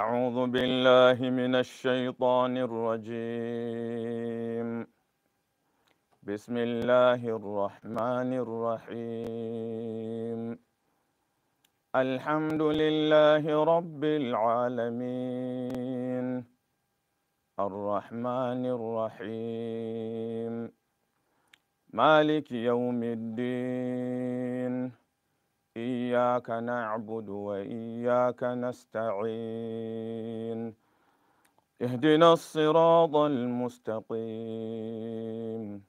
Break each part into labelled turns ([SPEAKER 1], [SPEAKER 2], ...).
[SPEAKER 1] أعوذ بالله من الشيطان الرجيم بسم الله الرحمن الرحيم الحمد لله رب العالمين الرحمن الرحيم مالك يوم الدين إياك نعبد وإياك نستعين اهدنا الصراط المستقيم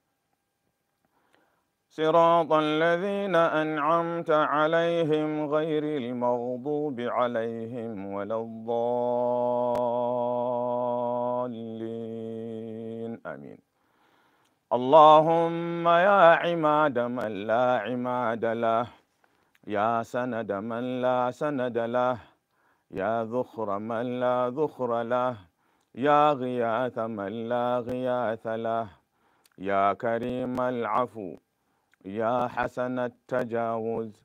[SPEAKER 1] صراط الذين أنعمت عليهم غير المغضوب عليهم ولا الضالين آمين اللهم يا عماد من لا عماد له يا سند من لا سند له يا ذخر من لا ذخر له يا غياث من لا غياث له يا كريم العفو يا حسن التجاوز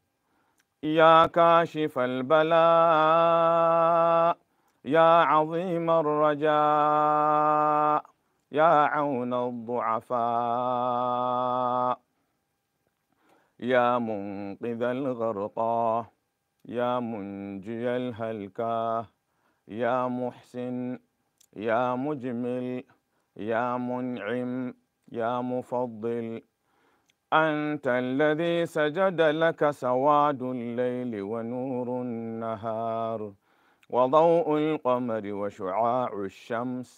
[SPEAKER 1] يا كاشف البلاء يا عظيم الرجاء يا عون الضعفاء يا منقذ الغرقى يا منجي الهلكى يا محسن يا مجمل يا منعم يا مفضل أنت الذي سجد لك سواد الليل ونور النهار وضوء القمر وشعاع الشمس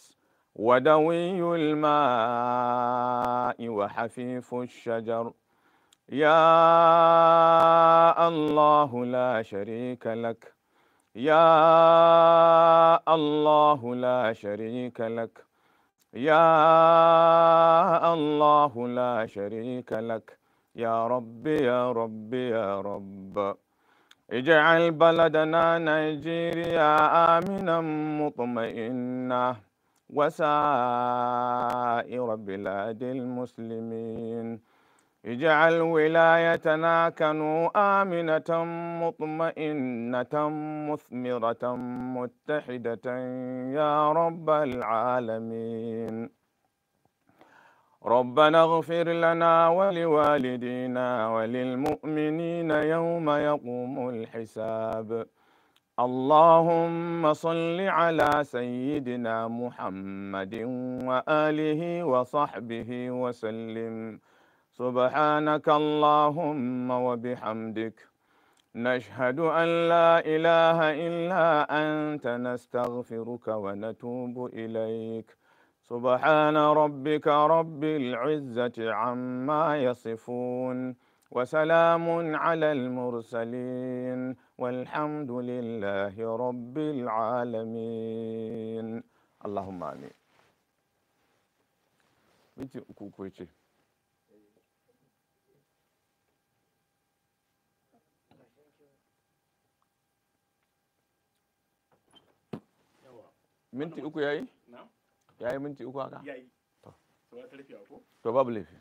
[SPEAKER 1] ودوي الماء وحفيف الشجر يا الله لا شريك لك يا الله لا شريك لك يا الله لا شريك لك يا رب يا رب يا رب اجعل بلدنا نيجيريا آمنا مطمئنا وسائر بلاد المسلمين اجعل ولايتنا كنوا آمنة مطمئنة مثمرة متحدة يا رب العالمين ربنا اغفر لنا ولوالدينا وللمؤمنين يوم يقوم الحساب اللهم صل على سيدنا محمد وآله وصحبه وسلم سبحانك اللهم وبحمدك نشهد أن لا إله إلا أنت نستغفرك ونتوب إليك سبحان ربك رب العزة عما يصفون وسلام على المرسلين والحمد لله رب العالمين اللهم آمين minti uku yayi yayi minti uku haka yayi to babu laifi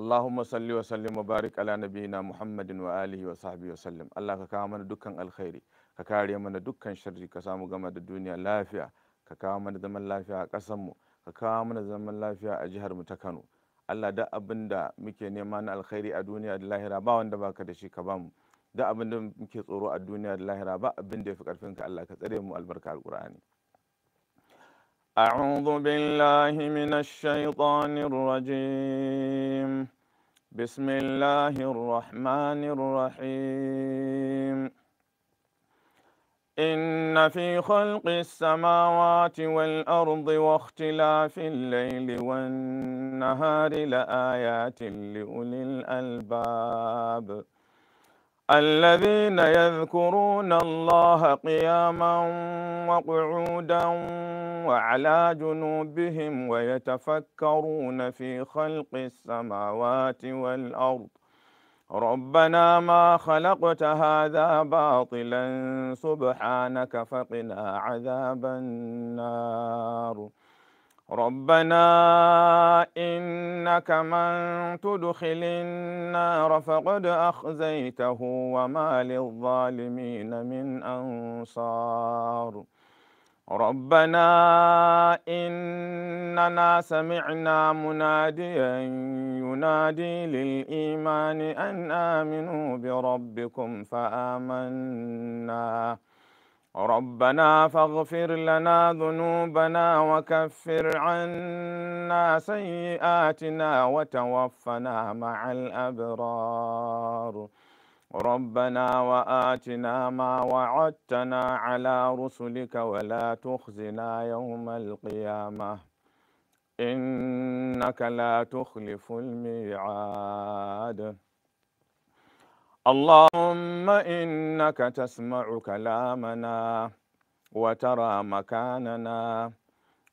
[SPEAKER 1] Allahumma salli wa sallim wa barik ala nabiyina Muhammadin wa alihi wa sahbihi wa sallim Allah ka kawo mana dukkan alkhairi ka kare mana dukkan sharri ka samu gama da duniya lafiya ka kawo mana zaman lafiya a ƙasar mu ka kawo mana zaman lafiya a jihar mu ta Kano Allah da abin da muke nema na alkhairi a duniya da lahira ba wanda baka da shi ka bamu da abin da muke tsoro a duniya da lahira ba abin da yafi fi karfin ka Allah ka tsare mu albarka alqur'ani أعوذ بالله من الشيطان الرجيم بسم الله الرحمن الرحيم إن في خلق السماوات والأرض واختلاف الليل والنهار لآيات لأولي الألباب الذين يذكرون الله قياما وقعودا وعلى جنوبهم ويتفكرون في خلق السماوات والارض ربنا ما خلقت هذا باطلا سبحانك فقنا عذاب النار ربنا إنك من تدخل النار فقد أخزيته وما للظالمين من أنصار ربنا إننا سمعنا مناديا ينادي للإيمان أن آمنوا بربكم فآمنا ربنا فاغفر لنا ذنوبنا وكفر عنا سيئاتنا وتوفنا مع الأبرار ربنا وآتنا ما وعدتنا على رسلك ولا تخزنا يوم القيامة إنك لا تخلف الميعاد اللهم إنك تسمع كلامنا وترى مكاننا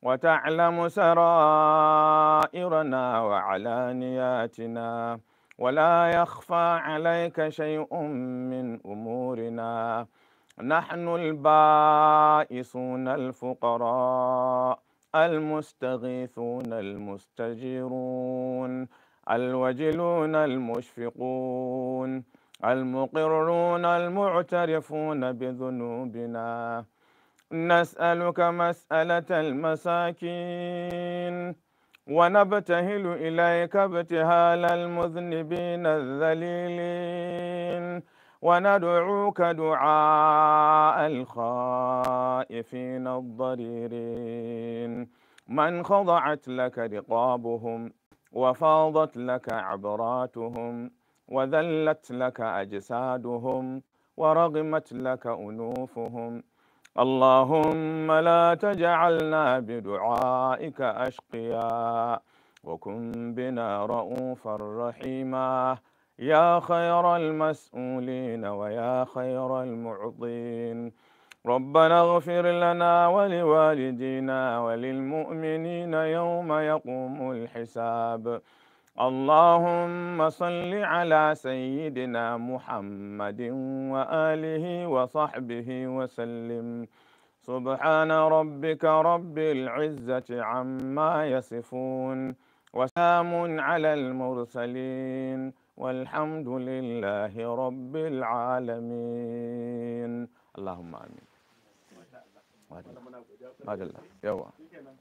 [SPEAKER 1] وتعلم سرائرنا وعلانياتنا ولا يخفى عليك شيء من أمورنا نحن البائسون الفقراء المستغيثون المستجيرون الوجلون المشفقون المقرون المعترفون بذنوبنا نسألك مسألة المساكين ونبتهل إليك ابتهال المذنبين الذليلين وندعوك دعاء الخائفين الضريرين من خضعت لك رقابهم وفاضت لك عبراتهم وذلت لك أجسادهم ورغمت لك أنوفهم اللهم لا تجعلنا بدعائك أشقيا وكن بنا رؤوفا رحيما يا خير المسؤولين ويا خير المعطين ربنا اغفر لنا ولوالدينا وللمؤمنين يوم يقوم الحساب اللهم صل على سيدنا محمد وآله وصحبه وسلم سبحان ربك رب العزة عما يصفون وسلام على المرسلين والحمد لله رب العالمين اللهم آمين ما يلا